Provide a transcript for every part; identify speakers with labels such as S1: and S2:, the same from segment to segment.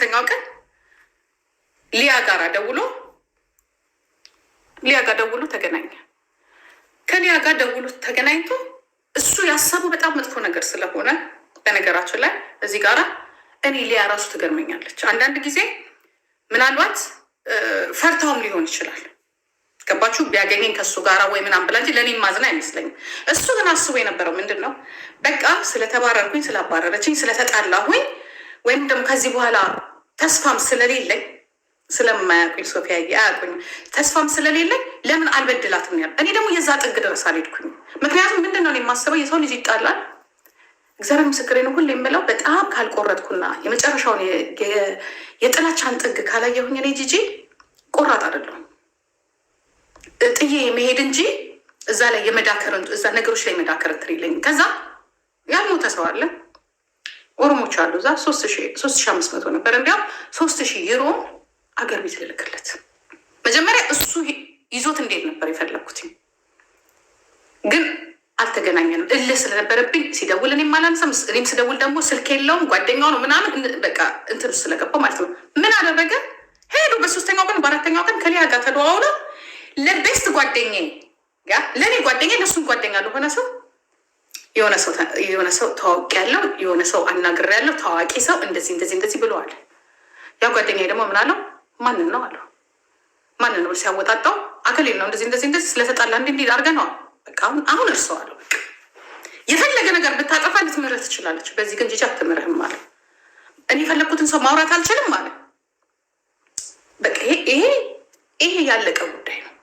S1: በሶስተኛው ቀን ሊያ ጋር ደውሎ ሊያ ጋር ደውሎ ተገናኘ። ከሊያ ጋር ደውሎ ተገናኝቶ እሱ ያሰበው በጣም መጥፎ ነገር ስለሆነ በነገራችን ላይ እዚህ ጋራ እኔ ሊያ ራሱ ትገርመኛለች። አንዳንድ ጊዜ ምናልባት ፈርታውም ሊሆን ይችላል። ገባችሁ? ቢያገኘኝ ከእሱ ጋራ ወይ ምናምን ብላ እንጂ ለእኔ ማዝን አይመስለኝም። እሱ ግን አስቦ የነበረው ምንድን ነው፣ በቃ ስለተባረርኩኝ፣ ስላባረረችኝ፣ ስለተጣላሁኝ ወይም ደግሞ ከዚህ በኋላ ተስፋም ስለሌለኝ ስለማያውቁኝ ሶፊያ አያውቁኝ ተስፋም ስለሌለኝ ለምን አልበድላትም ያል እኔ ደግሞ የዛ ጥግ ድረስ አልሄድኩኝ። ምክንያቱም ምንድን ነው የማስበው የሰው ልጅ ይጣላል። እግዚአብሔር ምስክሬ ነው። ሁሌ የምለው በጣም ካልቆረጥኩና የመጨረሻውን የጥላቻን ጥግ ካላየሁኝ እኔ ጂጂ ቆራጥ አይደለሁም። ጥዬ የመሄድ እንጂ እዛ ላይ የመዳከር እዛ ነገሮች ላይ የመዳከር ትር ይለኝ ከዛ ያልሞተ ሰው አለ ኦሮሞች አሉ እዛ ሶስት ሺ አምስት መቶ ነበር። እንዲያውም ሶስት ሺህ ዩሮ አገር ቤት ልልክለት መጀመሪያ እሱ ይዞት እንዴት ነበር የፈለግኩትኝ ግን አልተገናኘንም። እልህ ስለነበረብኝ ሲደውል እኔም አላነሳም፣ እኔም ስደውል ደግሞ ስልክ የለውም ጓደኛው ነው ምናምን በቃ እንትን ስለገባው ማለት ነው። ምን አደረገ? ሄዱ በሶስተኛው ቀን በአራተኛው ቀን ከሊያ ጋር ተደዋውለ ለቤስት ጓደኛ ለእኔ ጓደኛ ለእሱም ጓደኛ ለሆነ ሰው የሆነ ሰው ታዋቂ ያለው የሆነ ሰው አናግር ያለው ታዋቂ ሰው እንደዚህ እንደዚህ እንደዚህ ብለዋል። ያው ጓደኛ ደግሞ ምን አለው? ማንን ነው አለው። ማንን ነው ሲያወጣጣው አከሌ ነው እንደዚህ እንደዚህ እንደዚህ ስለተጣላ እንዲ እንዲ አድርገነዋል። በቃ አሁን እርሰው እርሰዋለሁ። የፈለገ ነገር ብታጠፋ ልትምርህ ትችላለች። በዚህ ግን ጅጃ አትምርህም አለ። እኔ የፈለግኩትን ሰው ማውራት አልችልም አለ። በቃ ይሄ ይሄ ያለቀ ጉዳይ ነው።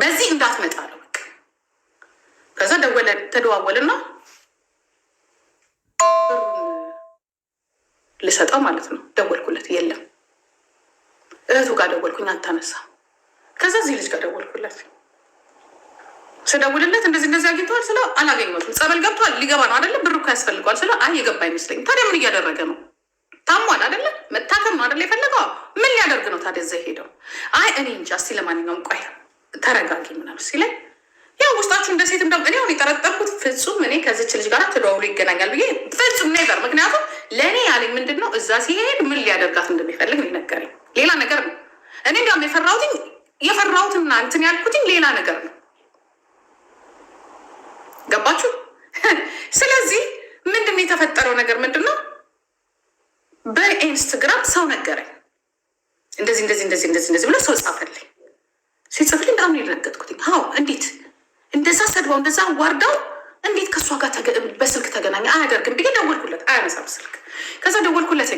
S1: በዚህ እንዳትመጣ ነው። ከዛ ደወለ ተደዋወልና ልሰጠው ማለት ነው። ደወልኩለት፣ የለም። እህቱ ጋር ደወልኩኝ፣ አታነሳም። ከዛ እዚህ ልጅ ጋር ደወልኩለት። ስደውልለት እንደዚህ እንደዚህ አግኝተዋል ስለ አላገኘትም፣ ጸበል ገብቷል፣ ሊገባ ነው አደለም? ብሩ እኮ ያስፈልገዋል ስለ አይ የገባ አይመስለኝም። ታዲያ ምን እያደረገ ነው? ታሟል አይደለ? መታከም ነው አይደለ የፈለገው? ምን ሊያደርግ ነው ታዲያ እዛ ሄደው? አይ እኔ እንጃ፣ እስኪ ለማንኛውም ቆይ ተረጋጊ ምናምን ሲለኝ ያው ውስጣችሁ እንደ ሴት እንደም እኔ አሁን የጠረጠርኩት ፍጹም እኔ ከዚች ልጅ ጋር ተደዋውሎ ይገናኛል ብዬ ፍጹም ነገር። ምክንያቱም ለእኔ ያለኝ ምንድን ነው እዛ ሲሄድ ምን ሊያደርጋት እንደሚፈልግ ነው ሌላ ነገር ነው። እኔ እንዲያውም የፈራሁትኝ የፈራሁትና እንትን ያልኩትኝ ሌላ ነገር ነው። ገባችሁ? ስለዚህ ምንድን ነው የተፈጠረው ነገር ምንድን ነው? በኢንስትግራም ሰው ነገረኝ። እንደዚህ እንደዚህ እንደዚህ እንደዚህ እንደዚህ ብሎ ሰው ጻፈልኝ። ሲጽፍልኝ በጣም ነው የደነገጥኩትኝ። አዎ እንዴት እንደዛ ሰድባው እንደዛ ዋርዳው እንዴት ከእሷ ጋር በስልክ ተገናኘ? አያደርግም ብዬ ደወልኩለት፣ አያነሳም ስልክ። ከዛ ደወልኩለት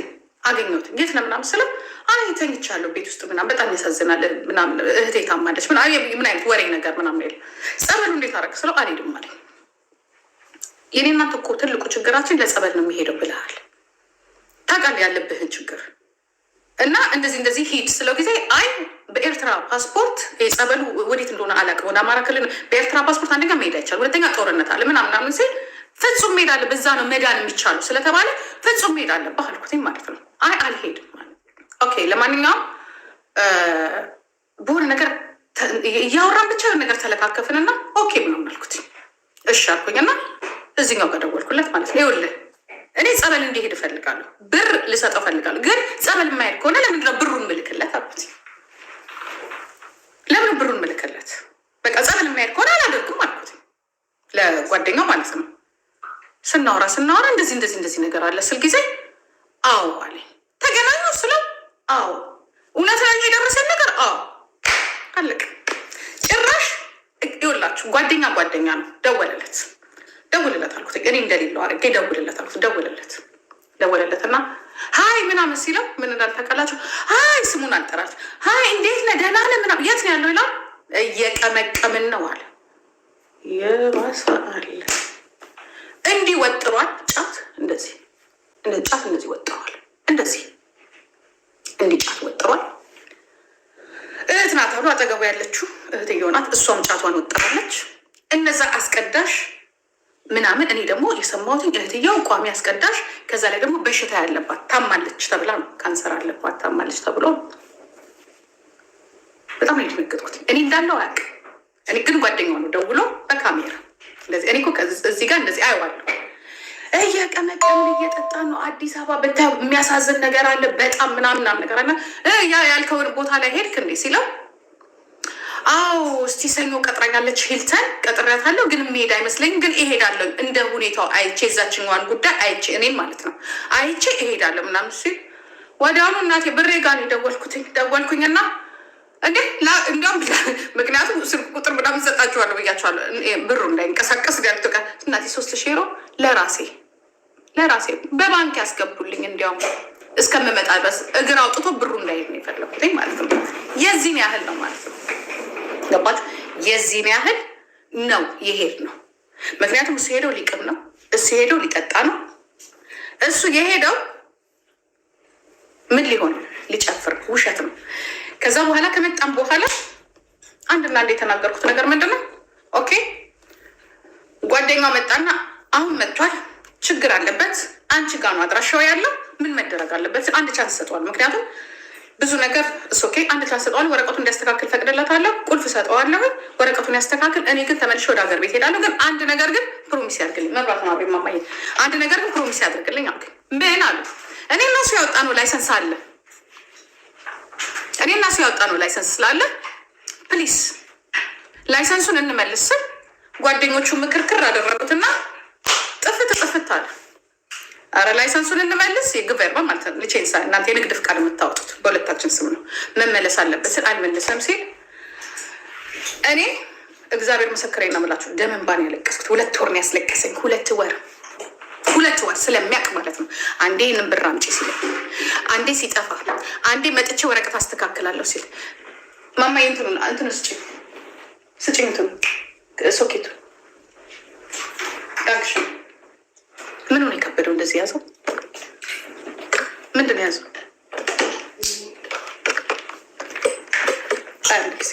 S1: አገኘሁት። የት ነው ምናምን ስለው አይ ተኝቻለሁ ቤት ውስጥ ምናምን፣ በጣም ያሳዝናል ምናምን፣ እህቴ ታማለች ምን አይነት ወሬ ነገር ምናምን ይል። ጸበሉ እንዴት አደረግ ስለው አልሄድም አለ። የኔ እናንተ እኮ ትልቁ ችግራችን ለጸበል ነው የሚሄደው ብለሃል። ታውቃለህ ያለብህን ችግር እና እንደዚህ እንደዚህ ሂድ ስለው ጊዜ አይ በኤርትራ ፓስፖርት የጸበሉ ወዴት እንደሆነ አላውቅም። ወደ አማራ ክልል በኤርትራ ፓስፖርት አንደኛ መሄድ አይቻልም፣ ሁለተኛ ጦርነት አለ ምናምን ምናምን ሲል ፍጹም መሄድ አለ በዛ ነው መዳን የሚቻሉ ስለተባለ ፍጹም መሄድ አለ ባህልኩትኝ ማለት ነው። አይ አልሄድም። ኦኬ ለማንኛውም በሆነ ነገር እያወራን ብቻ ነገር ተለካከፍንና ኦኬ ምናምን አልኩትኝ እሺ አልኩኝና እዚህኛው ጋር ደወልኩለት ማለት ነው ይኸውልህ እኔ ጸበል እንዲሄድ እፈልጋለሁ፣ ብር ልሰጠው እፈልጋለሁ። ግን ጸበል የማይሄድ ከሆነ ለምንድነው ብሩን ምልክለት አልኩት። ለምን ብሩን ምልክለት? በቃ ጸበል የማይሄድ ከሆነ አላደርግም አልኩት፣ ለጓደኛው ማለት ነው። ስናወራ ስናወራ እንደዚህ እንደዚህ እንደዚህ ነገር አለ ስል ጊዜ አዎ አለ። ተገናኙ ስለው አዎ፣ እውነት ላይ የደረሰን ነገር አዎ፣ አለቅ ጭራሽ ይወላችሁ ጓደኛ ጓደኛ ነው ደወለለት ደውልለት አልኩት። እኔ እንደሌለው አድርጌ ደውልለት አልኩት። ደውልለት ደውልለት ደወለለትና ሀይ ምናምን ሲለው ምን እንዳልታውቃላችሁ ሀይ ስሙን አልጠራች ሀይ እንዴት ነህ ደህና ነህ ምናምን የት ነው ያለው ይላል። እየቀመቀምን ነው አለ። የባሰ አለ እንዲህ ወጥሯል። ጫት እንደዚህ ጫት እንደዚህ ወጥረዋል። እንደዚህ እንዲህ ጫት ወጥሯል። እህት ናት አሉ አጠገቡ ያለችው እህትየው ናት። እሷም ጫቷን ወጥራለች። እነዛ አስቀዳሽ ምናምን እኔ ደግሞ የሰማሁትን እህትየው ቋሚ አስቀዳሽ፣ ከዛ ላይ ደግሞ በሽታ ያለባት ታማለች ተብላ ነው ካንሰር አለባት ታማለች ተብሎ በጣም የደነገጥኩት እኔ እንዳለው አያውቅ። እኔ ግን ጓደኛው ነው ደውሎ በካሜራ እንደዚህ እኔ እዚህ ጋር እንደዚህ አየዋለሁ። እየቀመቀም እየጠጣ ነው አዲስ አበባ በታ የሚያሳዝን ነገር አለ በጣም ምናምን ነገር አለ ያ ያልከውን ቦታ ላይ ሄድክ እንዴ ሲለው አዎ እስቲ ሰኞ ቀጥረኛለች ሂልተን ቀጥሬያታለሁ፣ ግን የምሄድ አይመስለኝም፣ ግን እሄዳለሁ እንደ ሁኔታው አይቼ እዛችኛዋን ጉዳይ አይቼ እኔም ማለት ነው አይቼ እሄዳለሁ ምናምን ሲል ወዲያውኑ እናቴ ብሬ ጋር የደወልኩትኝ ደወልኩኝና እንዴ እንዲሁም ምክንያቱም ስልክ ቁጥር ምናምን ሰጣችኋለሁ ብያችኋለሁ። ብሩ እንዳይንቀሳቀስ ዳርቶ ጋር እናቴ ሶስት ሺህ ሮ ለራሴ ለራሴ በባንክ ያስገቡልኝ እንዲያውም እስከምመጣ ድረስ እግር አውጥቶ ብሩ እንዳይሄድ ነው የፈለጉትኝ ማለት ነው። የዚህን ያህል ነው ማለት ነው። ገባች። የዚህን ያህል ነው የሄድ ነው። ምክንያቱም እሱ ሄደው ሊቅም ነው፣ እሱ ሄደው ሊጠጣ ነው። እሱ የሄደው ምን ሊሆን ሊጨፍር ውሸት ነው። ከዛ በኋላ ከመጣም በኋላ አንድና አንድ የተናገርኩት ነገር ምንድን ነው? ኦኬ ጓደኛው መጣና አሁን መጥቷል፣ ችግር አለበት፣ አንቺ ጋ ነው አድራሻው ያለው። ምን መደረግ አለበት? አንድ ቻንስ ሰጠዋል። ምክንያቱም ብዙ ነገር ሶኬ አንድ ክላስ ሰጠዋል። ወረቀቱ እንዲያስተካክል ፈቅድለታለሁ። ቁልፍ ሰጠዋለሁ። ወረቀቱን ያስተካክል። እኔ ግን ተመልሼ ወደ ሀገር ቤት ሄዳለሁ። ግን አንድ ነገር ግን ፕሮሚስ ያድርግልኝ። መብራት ነው አብሬ ማማየ አንድ ነገር ግን ፕሮሚስ ያድርግልኝ። አውቅ ምን አሉ? እኔ እናሱ ያወጣ ነው ላይሰንስ አለ። እኔ እናሱ ያወጣ ነው ላይሰንስ ስላለ ፕሊስ ላይሰንሱን እንመልስም። ጓደኞቹ ምክርክር አደረጉትና ጥፍት ጥፍት አለ። አረ ላይሰንሱን እንመልስ የግቨርባ ማለት ነው ልቼንሳ እናንተ የንግድ ፍቃድ የምታወጡት በሁለታችን ስም ነው መመለስ አለበት ስል ሲል እኔ እግዚአብሔር ምስክሬ ነው የምላችሁ ደመንባን ያለቀስኩት ሁለት ወር ነው ያስለቀሰኝ ሁለት ወር ሁለት ወር ስለሚያውቅ ማለት ነው አንዴ ይህንን ብር አምጪ ሲል አንዴ ሲጠፋ አንዴ መጥቼ ወረቀት አስተካክላለሁ ሲል ማማ እንትኑ እንትኑ ስጭ ስጭ እንትኑ ሶኬቱ ዳንክሽን ከበደው እንደዚህ ያዘው። ምንድን ነው ያዘው? አንድ ጊዜ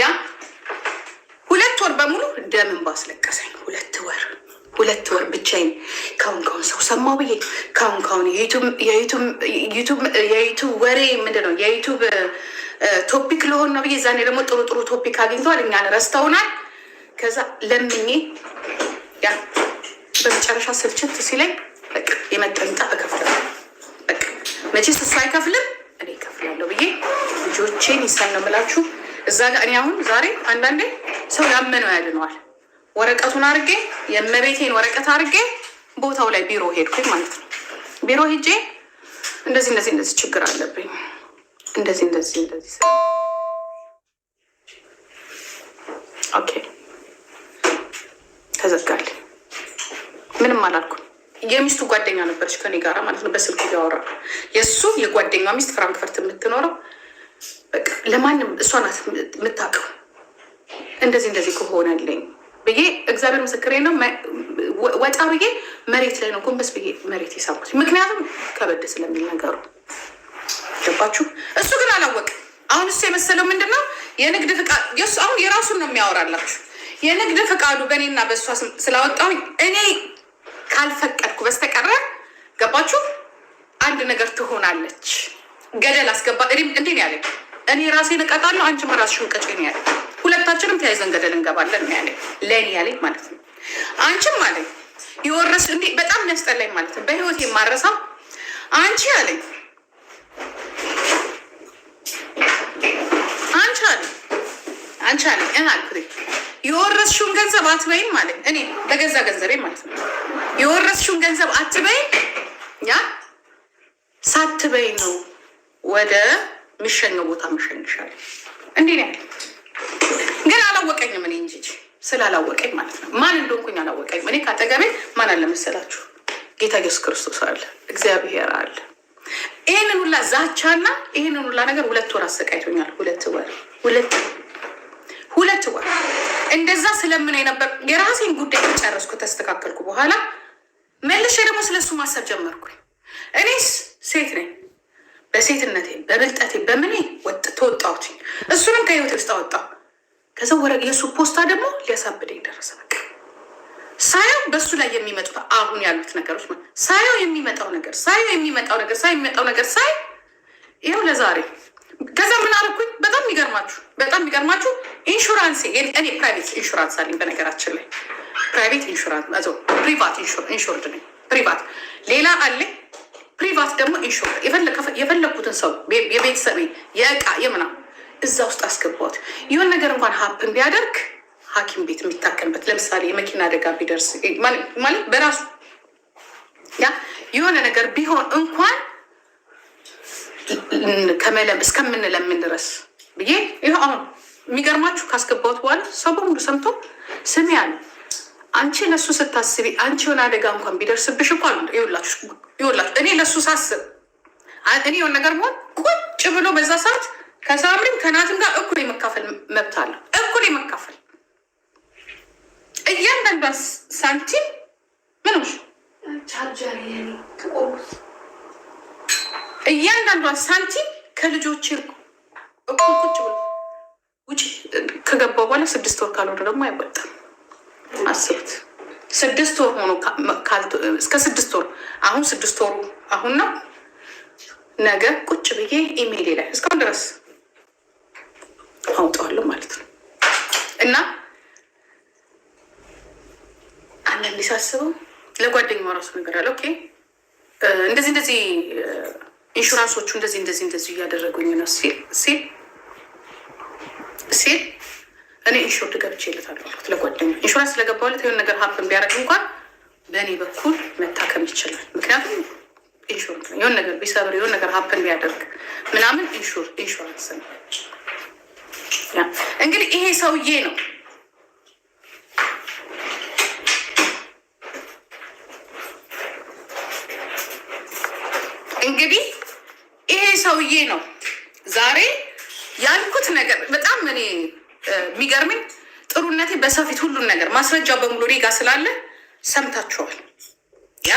S1: ያ ሁለት ወር በሙሉ ደምን ባስለቀሰኝ ሁለት ወር ሁለት ወር ብቻዬን ካሁን ካሁን ሰው ሰማ ብዬ ካሁን ካሁን የዩቱብ ወሬ ምንድን ነው የዩቱብ ቶፒክ ለሆን ነው ብዬ እዛኔ ደግሞ ጥሩ ጥሩ ቶፒክ አግኝተዋል። እኛን ረስተውናል። ከዛ ለምኜ ያ በመጨረሻ ስልችት ሲለኝ የመጠንጣ እከፍላለሁ። መቼ ስሳ አይከፍልም እኔ እከፍላለሁ ብዬ ልጆቼን ይሳል ነው የምላችሁ። እዛ ጋር እኔ አሁን ዛሬ አንዳንዴ ሰው ያመነው ያድነዋል። ወረቀቱን አርጌ የእመቤቴን ወረቀት አርጌ ቦታው ላይ ቢሮ ሄድኩኝ ማለት ነው። ቢሮ ሄጄ እንደዚህ እንደዚህ እንደዚህ ችግር አለብኝ እንደዚህ እንደዚህ እንደዚህ ኦኬ ተዘጋል። ምንም አላልኩ። የሚስቱ ጓደኛ ነበረች ከኔ ጋራ ማለት ነው። በስልክ እያወራ የእሱ የጓደኛ ሚስት ፍራንክፈርት የምትኖረው ለማንም እሷ ናት የምታውቀው። እንደዚህ እንደዚህ ከሆነልኝ ብዬ እግዚአብሔር ምስክሬ ነው። ወጣ ብዬ መሬት ላይ ነው ጎንበስ ብዬ መሬት የሰራሁት፣ ምክንያቱም ከበድ ስለሚል ነገሩ ገባችሁ። እሱ ግን አላወቅ። አሁን እሱ የመሰለው ምንድን ነው የንግድ ፍቃድ የሱ አሁን የራሱን ነው የሚያወራላችሁ። የንግድ ፍቃዱ በእኔና በእሷ ስላወጣሁኝ እኔ ካልፈቀድኩ በስተቀረ ገባችሁ፣ አንድ ነገር ትሆናለች። ገደል አስገባ እንዴ ያለ እኔ ራሴን እቀጣለሁ፣ አንቺም ራስሽን ቀጭ ያለ ሁለታችንም ተያይዘን ገደል እንገባለን ያለ ለእኔ ያለ ማለት ነው። አንቺም አለ የወረስ እንዲ በጣም ያስጠላኝ ማለት ነው። በህይወት የማረሳው አንቺ አለ አንቺ አለ አንቺ አለ እህ አልኩት የወረስሽውን ገንዘብ አትበይም ማለት እኔ በገዛ ገንዘቤ ማለት ነው የወረስሽውን ገንዘብ አትበይም ያ ሳትበይ ነው ወደ ሚሸኘው ቦታ ምሸኝሻል እንዴ ነው ያለኝ። ግን አላወቀኝም። እኔ እንጂ ስላላወቀኝ ማለት ነው። ማን እንደሆንኩኝ አላወቀኝም። እኔ ካጠገቤ ማን አለ መሰላችሁ? ጌታ ኢየሱስ ክርስቶስ አለ፣ እግዚአብሔር አለ። ይህንን ሁላ ዛቻና ይህንን ሁላ ነገር ሁለት ወር አሰቃይቶኛል። ሁለት ወር ሁለት ሁለት ወር እንደዛ ስለምን የነበር የራሴን ጉዳይ ከጨረስኩ ተስተካከልኩ በኋላ መልሼ ደግሞ ስለሱ ማሰብ ጀመርኩኝ። እኔስ ሴት ነኝ። በሴትነቴ በብልጠቴ በምኔ ወጥ ተወጣሁት። እሱንም ከህይወት ውስጥ አወጣሁ። ከዛ ወረ የእሱ ፖስታ ደግሞ ሊያሳብደኝ ደረሰ። በቃ ሳየው በእሱ ላይ የሚመጡት አሁን ያሉት ነገሮች ሳየው የሚመጣው ነገር ሳየው የሚመጣው ነገር ሳየው የሚመጣው ነገር ሳይ ይኸው ለዛሬ ከዛ ምን አልኩኝ። በጣም የሚገርማችሁ በጣም የሚገርማችሁ ኢንሹራንስ እኔ ፕራይቬት ኢንሹራንስ አለኝ። በነገራችን ላይ ፕራይቬት ኢንሹራንስ ፕሪቫት ኢንሹርድ ነኝ። ፕሪቫት ሌላ አለ፣ ፕሪቫት ደግሞ ኢንሹር የፈለግኩትን ሰው የቤተሰብ የእቃ የምናምን እዛ ውስጥ አስገባት። ይሆን ነገር እንኳን ሀፕን ቢያደርግ ሐኪም ቤት የሚታከምበት ለምሳሌ የመኪና አደጋ ቢደርስ ማለት በራሱ ያ የሆነ ነገር ቢሆን እንኳን ከመለም እስከምንለምን ድረስ ብዬ ይህ አሁን የሚገርማችሁ ካስገባት በኋላ ሰው በሙሉ ሰምቶ ስሚ ያለ አንቺ ለሱ ስታስቢ አንቺ የሆነ አደጋ እንኳን ቢደርስብሽ እኳ ይወላችሁ እኔ ለሱ ሳስብ እኔ የሆነ ነገር መሆን ቁጭ ብሎ በዛ ሰዓት ከሳምሪም ከናትም ጋር እኩል የመካፈል መብት አለው። እኩል የመካፈል እያንዳንዷ ሳንቲም ምኖች እያንዳንዷ ሳንቲም ከልጆች ውጭ ከገባው በኋላ ስድስት ወር ካልሆነ ደግሞ አይወጣም። አስቡት። ስድስት ወር ሆኖ እስከ ስድስት ወር አሁን ስድስት ወሩ አሁን ነው። ነገ ቁጭ ብዬ ኢሜይል ላይ እስካሁን ድረስ አውጠዋለሁ ማለት ነው። እና አንዳንዴ ሳስበው ለጓደኛው ራሱ ነገር አለ። ኦኬ እንደዚህ እንደዚህ ኢንሹራንሶቹ እንደዚህ እንደዚህ እንደዚህ እያደረጉኝ ነው ሲል ሲል ሲል እኔ ኢንሹርድ ገብቼ እልታለሁ አልኩት ለጓደኛው። ኢንሹራንስ ስለገባሁለት የሆነ ነገር ሀፕን ቢያደርግ እንኳን በእኔ በኩል መታከም ይችላል። ምክንያቱም ኢንሹራንስ ነው። የሆነ ነገር ቢሰብር የሆነ ነገር ሀፕን ቢያደርግ ምናምን ኢንሹር ኢንሹራንስ ነው። እንግዲህ ይሄ ሰውዬ ነው እንግዲህ ይሄ ሰውዬ ነው ዛሬ ያልኩት ነገር በጣም እኔ የሚገርመኝ ጥሩነቴ በሰው ፊት ሁሉን ነገር ማስረጃ በሙሉ እኔ ጋ ስላለ ሰምታችኋል። ያ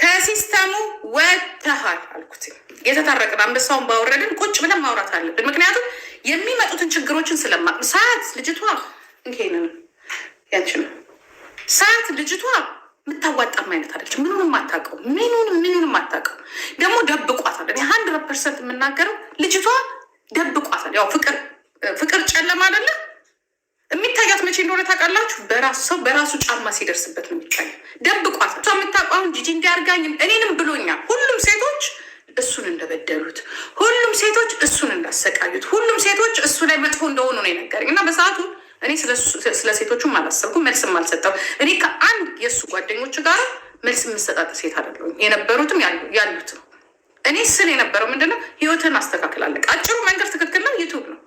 S1: ከሲስተሙ ወጥተሃል አልኩት። የተታረቅን አንበሳውን ባወረድን ቁጭ ብለን ማውራት አለብን። ምክንያቱም የሚመጡትን ችግሮችን ስለማቅ ሰዓት ልጅቷ እንኬንን ያችን ሰዓት ልጅቷ የምታዋጣም አይነት አለች። ምኑንም አታውቀው፣ ምኑን ምኑንም አታውቀው። ደግሞ ደብቋታል። እኔ ሀንድረድ ፐርሰንት የምናገረው ልጅቷ ደብቋታል። ያው ፍቅር ፍቅር ጨለማ አደለ የሚታያት መቼ እንደሆነ ታውቃላችሁ? በራሱ ሰው በራሱ ጫማ ሲደርስበት ነው የሚታየው። ደብቋታል። እሷ የምታውቀው ጂጂ እንዲያርጋኝ እኔንም ብሎኛል። ሁሉም ሴቶች እሱን እንደበደሉት፣ ሁሉም ሴቶች እሱን እንዳሰቃዩት፣ ሁሉም ሴቶች እሱ ላይ መጥፎ እንደሆኑ ነው የነገረኝ እና በሰዓቱ እኔ ስለ ሴቶቹም አላሰብኩም፣ መልስም አልሰጠው። እኔ ከአንድ የእሱ ጓደኞች ጋር መልስ የምሰጣጥ ሴት አይደለሁም፣ የነበሩትም ያሉት ነው። እኔ ስል የነበረው ምንድነው ህይወትን አስተካክላለሁ። አጭሩ መንገድ ትክክል ነው፣ ዩቱብ ነው።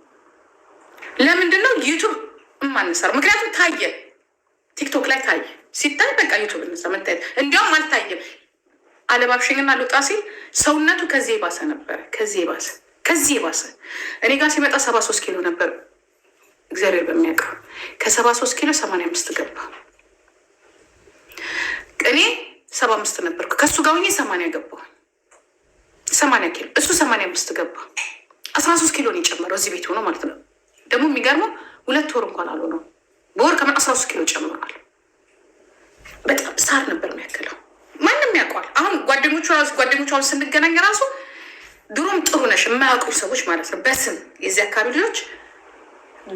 S1: ለምንድን ነው ዩቱብ የማንሰራው? ምክንያቱም ታየ፣ ቲክቶክ ላይ ታየ፣ ሲታይ በቃ ዩቱብ እንሰራ መታየት እንዲያውም አልታየም አለባብሽኝና ልውጣ ሲል ሰውነቱ ከዚህ የባሰ ነበረ። ከዚህ የባሰ ከዚህ የባሰ እኔ ጋር ሲመጣ ሰባ ሶስት ኪሎ ነበር። እግዚአብሔር በሚያውቀው ከሰባ ሶስት ኪሎ ሰማንያ አምስት ገባ። እኔ ሰባ አምስት ነበርኩ። ከእሱ ጋር ሆኜ ሰማንያ ገባ። ሰማንያ ኪሎ እሱ ሰማንያ አምስት ገባ። አስራ ሶስት ኪሎ ነው የጨመረው እዚህ ቤት ሆኖ ማለት ነው። ደግሞ የሚገርመው ሁለት ወር እንኳን አልሆነውም። በወር ከምን አስራ ሶስት ኪሎ ጨምሯል። በጣም ሳር ነበር የሚያክለው ያውቀዋል። አሁን ጓደኞቹ ራሱ ጓደኞቹ አሁን ስንገናኝ ራሱ ድሮም ጥሩ ነሽ የማያውቁ ሰዎች ማለት ነው በስም የዚህ አካባቢ ልጆች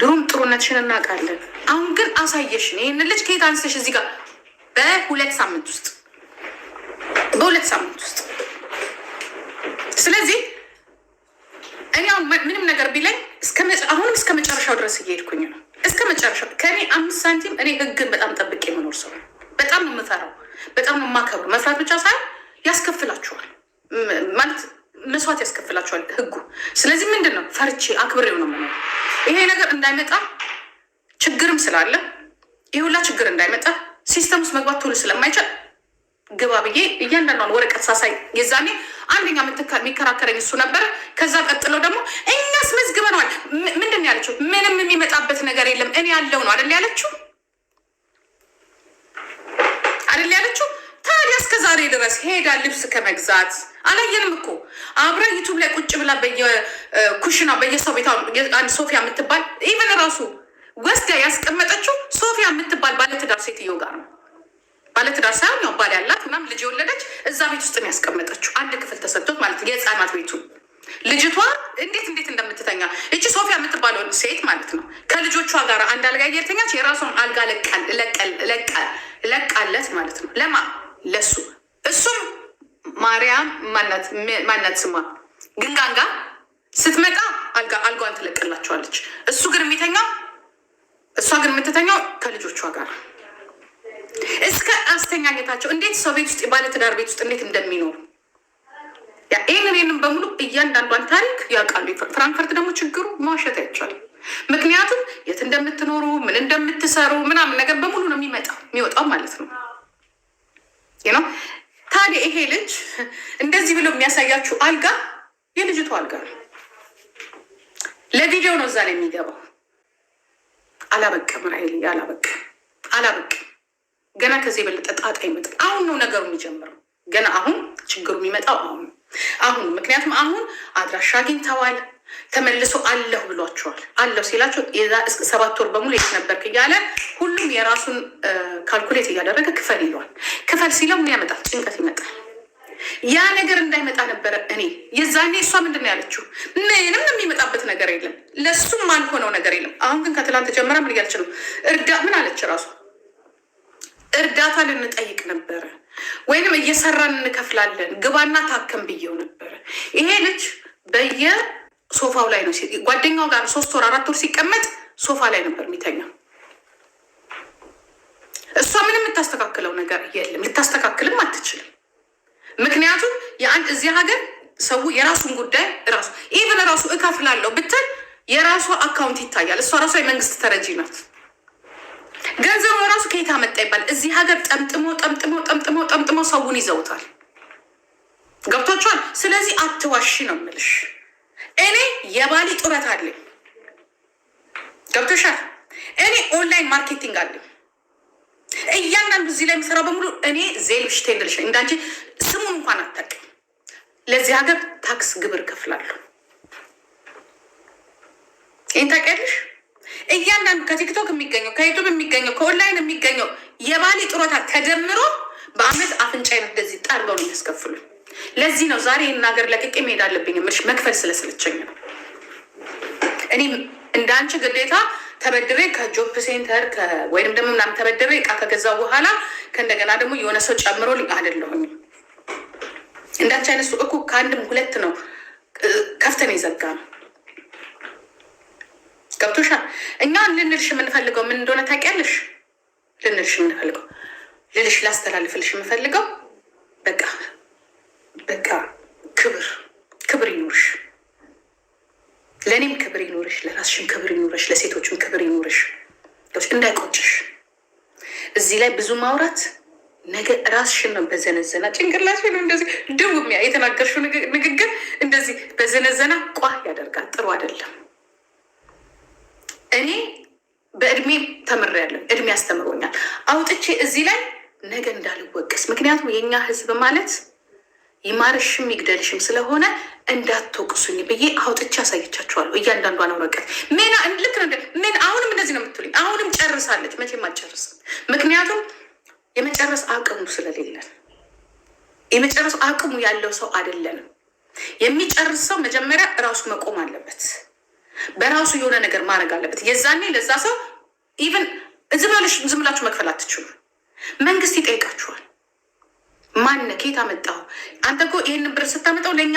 S1: ድሮም ጥሩነትሽን እናውቃለን። አሁን ግን አሳየሽን። ይህን ልጅ ከየት አንስተሽ እዚህ ጋር በሁለት ሳምንት ውስጥ በሁለት ሳምንት ውስጥ ስለዚህ እኔ አሁን ምንም ነገር ቢለኝ አሁንም እስከ መጨረሻው ድረስ እየሄድኩኝ ነው። እስከ መጨረሻው ከእኔ አምስት ሳንቲም እኔ ህግን በጣም ጠብቄ የምኖር ሰው በጣም ነው የምፈራው። በጣም የማከብሩ መስራት ብቻ ሳይሆን ያስከፍላችኋል፣ ማለት መስዋዕት ያስከፍላችኋል ህጉ። ስለዚህ ምንድን ነው ፈርቼ አክብሬው ነው የምኖረው። ይሄ ነገር እንዳይመጣ ችግርም ስላለ ይህ ሁላ ችግር እንዳይመጣ ሲስተም ውስጥ መግባት ቶሎ ስለማይችል ግባ ብዬ እያንዳንዷን ወረቀት ሳሳይ የዛኔ አንደኛ የሚከራከረኝ እሱ ነበረ። ከዛ ቀጥሎ ደግሞ እኛስ መዝግበነዋል። ምንድን ነው ያለችው? ምንም የሚመጣበት ነገር የለም እኔ ያለው ነው አደል ያለችው አይደል ያለችው። ታዲያ እስከ ዛሬ ድረስ ሄዳ ልብስ ከመግዛት አላየንም እኮ አብራ ዩቱብ ላይ ቁጭ ብላ በየኩሽና በየሰው ቤት አንድ ሶፊያ የምትባል ኢቨን ራሱ ወስዳ ያስቀመጠችው ሶፊያ የምትባል ባለትዳር ሴትዮ ጋር ነው። ባለትዳር ሳይሆን ያው ባል ያላት ምናምን ልጅ የወለደች እዛ ቤት ውስጥ ነው ያስቀመጠችው። አንድ ክፍል ተሰጥቶት ማለት የህፃናት ቤቱ ልጅቷ እንዴት እንዴት እንደምትተኛ እቺ ሶፊያ የምትባለው ሴት ማለት ነው ከልጆቿ ጋር አንድ አልጋ እየተኛች የራሷን አልጋ ለቃለት ማለት ነው። ለማ ለሱ እሱም ማርያም ማናት ስሟ ስማ ግንጋንጋ ስትመጣ አልጋዋን ትለቅላቸዋለች። እሱ ግን የሚተኛው እሷ ግን የምትተኛው ከልጆቿ ጋር እስከ አስተኛኘታቸው እንዴት ሰው ቤት ውስጥ ባለትዳር ቤት ውስጥ እንዴት እንደሚኖሩ ይህንንም ይህንም በሙሉ እያንዳንዷን ታሪክ ያውቃሉ። ፍራንክፈርት ደግሞ ችግሩ ማሸት አይቻልም። ምክንያቱም የት እንደምትኖሩ ምን እንደምትሰሩ ምናምን ነገር በሙሉ ነው የሚመጣው የሚወጣው ማለት ነው ነው። ታዲያ ይሄ ልጅ እንደዚህ ብሎ የሚያሳያችሁ አልጋ የልጅቱ አልጋ ነው። ለቪዲዮ ነው እዛ ላይ የሚገባው። አላበቀም ራይል አላበቀም፣ አላበቀም። ገና ከዚህ የበለጠ ጣጣ ይመጣል። አሁን ነው ነገሩ የሚጀምረው። ገና አሁን ችግሩ የሚመጣው አሁን አሁን ምክንያቱም አሁን አድራሻ አግኝተዋል ተመልሶ አለሁ ብሏቸዋል። አለሁ ሲላቸው ሰባት ወር በሙሉ የት ነበርክ እያለ ሁሉም የራሱን ካልኩሌት እያደረገ ክፈል ይለዋል። ክፈል ሲለው ምን ያመጣል? ጭንቀት ይመጣል። ያ ነገር እንዳይመጣ ነበረ እኔ የዛኔ እሷ ምንድን ነው ያለችው? ምንም የሚመጣበት ነገር የለም ለሱም ማልሆነው ነገር የለም። አሁን ግን ከትላንት ጀምራ ምን እያለች ነው? እርዳ ምን አለች ራሱ እርዳታ ልንጠይቅ ነበረ፣ ወይንም እየሰራን እንከፍላለን ግባና ታከም ብየው ነበረ። ይሄ ልጅ በየሶፋው ላይ ነው፣ ጓደኛው ጋር ሶስት ወር አራት ወር ሲቀመጥ ሶፋ ላይ ነበር የሚተኛው። እሷ ምንም የምታስተካክለው ነገር የለም፣ ልታስተካክልም አትችልም። ምክንያቱም የአንድ እዚህ ሀገር ሰው የራሱን ጉዳይ ራሱ ኢቨን ራሱ እከፍላለሁ ብትል የራሷ አካውንት ይታያል። እሷ ራሷ የመንግስት ተረጂ ናት። ገንዘቡ ራሱ ከየት መጣ ይባል። እዚህ ሀገር ጠምጥሞ ጠምጥሞ ጠምጥሞ ጠምጥሞ ሰውን ይዘውታል። ገብቷችኋል? ስለዚህ አትዋሺ ነው የምልሽ። እኔ የባሊ ጡረት አለኝ። ገብቶሻል? እኔ ኦንላይን ማርኬቲንግ አለኝ። እያንዳንዱ እዚህ ላይ የሚሰራው በሙሉ እኔ ዜልሽ ቴንደልሽ እንዳንቺ ስሙን እንኳን አታውቅም። ለዚህ ሀገር ታክስ ግብር ከፍላለሁ። ይህን ታውቂያለሽ? እያንዳንዱ ከቲክቶክ የሚገኘው ከዩቱብ የሚገኘው ከኦንላይን የሚገኘው የባሌ ጥሮታ ተደምሮ በአመት አፍንጫዬን እንደዚህ ጠርገው ነው የሚያስከፍሉ። ለዚህ ነው ዛሬ ይህን ሀገር ለቅቄ መሄድ አለብኝ የምልሽ፣ መክፈል ስለስለቸኝ ነው። እኔም እንደ አንቺ ግዴታ ተበድሬ ከጆፕ ሴንተር ወይንም ደግሞ ምናምን ተበድሬ እቃ ከገዛ በኋላ ከእንደገና ደግሞ የሆነ ሰው ጨምሮ ልኝ አይደለሁም። እንዳንቺ አይነት ሱቅ እኮ ከአንድም ሁለት ነው ከፍተን የዘጋ ነው። ገብቶሻል። እኛ ልንልሽ የምንፈልገው ምን እንደሆነ ታውቂያለሽ? ልንልሽ የምንፈልገው ልልሽ ላስተላልፍልሽ የምፈልገው በቃ በቃ ክብር ክብር ይኖርሽ፣ ለእኔም ክብር ይኖርሽ፣ ለራስሽም ክብር ይኖርሽ፣ ለሴቶችም ክብር ይኖርሽ፣ እንዳይቆጭሽ። እዚህ ላይ ብዙ ማውራት ነገ ራስሽን ነው በዘነዘና ጭንቅላሽ ነው እንደዚህ ድቡ የተናገርሽው ንግግር እንደዚህ በዘነዘና ቋህ ያደርጋል። ጥሩ አይደለም። እኔ በእድሜ ተምሬያለሁ። እድሜ አስተምሮኛል። አውጥቼ እዚህ ላይ ነገ እንዳልወቀስ፣ ምክንያቱም የእኛ ህዝብ ማለት ይማርሽም ይግደልሽም ስለሆነ እንዳትወቅሱኝ ብዬ አውጥቼ አሳይቻችኋለሁ። እያንዳንዷን ወረቀት ሜና ልክ ሜና አሁንም እንደዚህ ነው የምትሉኝ። አሁንም ጨርሳለች። መቼም አልጨርስም። ምክንያቱም የመጨረስ አቅሙ ስለሌለን የመጨረስ አቅሙ ያለው ሰው አይደለንም። የሚጨርስ ሰው መጀመሪያ እራሱ መቆም አለበት። በራሱ የሆነ ነገር ማድረግ አለበት። የዛኔ ለዛ ሰው ኢቨን ዝምላሽ ዝምላችሁ መክፈል አትችሉ። መንግስት ይጠይቃችኋል። ማነ ኬት አመጣው? አንተ እኮ ይህን ብር ስታመጣው ለእኛ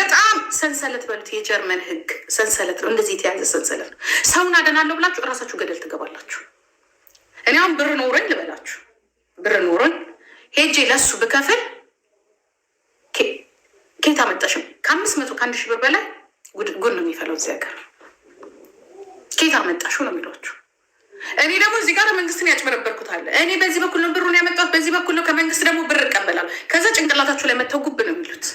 S1: በጣም ሰንሰለት በሉት፣ የጀርመን ህግ ሰንሰለት ነው። እንደዚህ የተያዘ ሰንሰለት ነው። ሰውን አደናለሁ ብላችሁ እራሳችሁ ገደል ትገባላችሁ። እኔ አሁን ብር ኖሮኝ ልበላችሁ፣ ብር ኖሮኝ ሄጄ ለሱ ብከፍል ኬት አመጣሽም ከአምስት መቶ ከአንድ ሺህ ብር በላይ ጉድ ነው የሚፈለው እዚህ ሀገር ከየት አመጣሽው ነው የሚሏችሁ። እኔ ደግሞ እዚህ ጋር መንግስትን ያጭበረበርኩት አለ። እኔ በዚህ በኩል ነው ብሩን ያመጣሁት፣ በዚህ በኩል ነው ከመንግስት ደግሞ ብር እቀበላል። ከዛ ጭንቅላታችሁ ላይ መተው ጉብ ነው የሚሉት።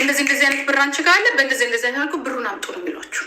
S1: እንደዚህ እንደዚህ አይነት ብር አንቺ ጋር አለ፣ በእንደዚህ እንደዚህ አይነት ብሩን አምጡ ነው የሚሏችሁ።